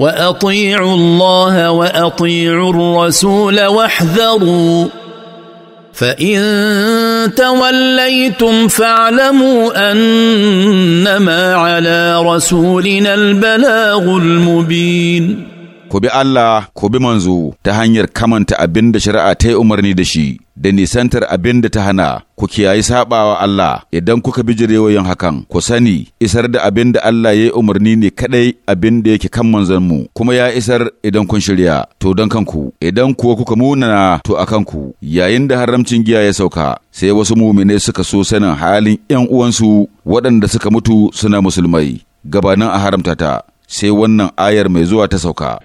واطيعوا الله واطيعوا الرسول واحذروا فان توليتم فاعلموا انما على رسولنا البلاغ المبين ku bi Allah ku bi manzo ta hanyar kamanta abin da shari'a ta yi umarni da shi da nisantar abin da ta hana ku kiyayi sabawa Allah idan kuka bi yin hakan ku sani isar da abin da Allah ya yi umarni ne kadai abin da yake kan manzon mu kuma ya isar idan kun shirya to don kanku idan kuwa kuka munana to a kanku yayin da haramcin giya ya sauka sai wasu muminai suka so sanin halin yan uwansu waɗanda suka mutu suna musulmai gabanin a haramta ta sai wannan ayar mai zuwa ta sauka